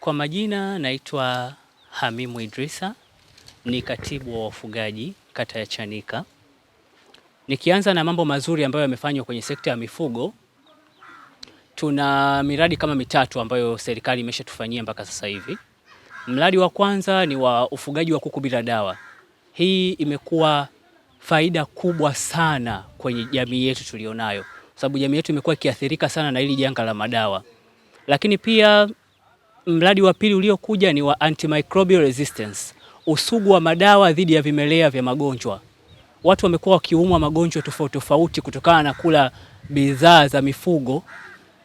Kwa majina naitwa Hamimu Idrisa, ni katibu wa wafugaji kata ya Chanika. Nikianza na mambo mazuri ambayo yamefanywa kwenye sekta ya mifugo, tuna miradi kama mitatu ambayo serikali imeshatufanyia mpaka sasa hivi. Mradi wa kwanza ni wa ufugaji wa kuku bila dawa. Hii imekuwa faida kubwa sana kwenye jamii yetu tulionayo, sababu jamii yetu imekuwa ikiathirika sana na hili janga la madawa, lakini pia mradi wa pili uliokuja ni wa antimicrobial resistance, usugu wa madawa dhidi ya vimelea vya magonjwa. Watu wamekuwa wakiumwa magonjwa tofauti tofauti kutokana na kula bidhaa za mifugo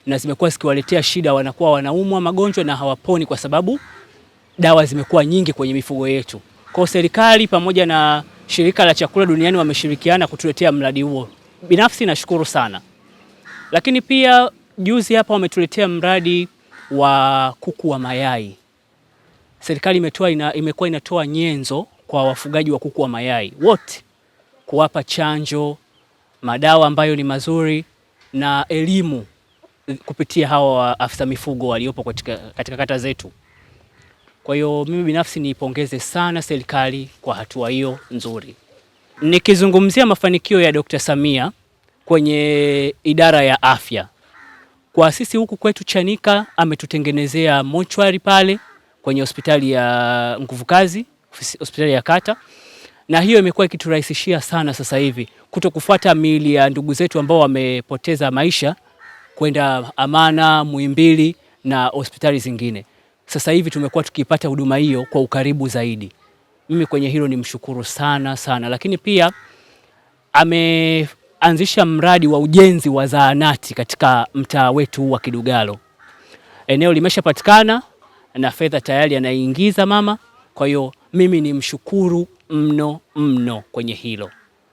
na zimekuwa zikiwaletea shida, wanakuwa wanaumwa magonjwa na hawaponi kwa sababu dawa zimekuwa nyingi kwenye mifugo yetu. Kwa serikali pamoja na shirika la chakula duniani wameshirikiana kutuletea mradi huo, binafsi nashukuru sana. Lakini pia juzi hapa wametuletea mradi wa kuku wa mayai. Serikali imetoa ina, imekuwa inatoa nyenzo kwa wafugaji wa kuku wa mayai wote, kuwapa chanjo, madawa ambayo ni mazuri na elimu kupitia hawa afisa mifugo waliopo katika, katika kata zetu. Kwa hiyo mimi binafsi niipongeze sana serikali kwa hatua hiyo nzuri. Nikizungumzia mafanikio ya Dr. Samia kwenye idara ya afya kwa sisi huku kwetu Chanika ametutengenezea mochwari pale kwenye hospitali ya nguvu kazi hospitali ya kata, na hiyo imekuwa ikiturahisishia sana sasa hivi kuto kufuata miili ya ndugu zetu ambao wamepoteza maisha kwenda Amana, Muhimbili na hospitali zingine. Sasa hivi tumekuwa tukipata huduma hiyo kwa ukaribu zaidi. Mimi kwenye hilo ni mshukuru sana sana, lakini pia ame tumeanzisha mradi wa ujenzi wa zahanati katika mtaa wetu wa Kidugalo. Eneo limeshapatikana na fedha tayari anaingiza mama, kwa hiyo mimi ni mshukuru mno mno kwenye hilo.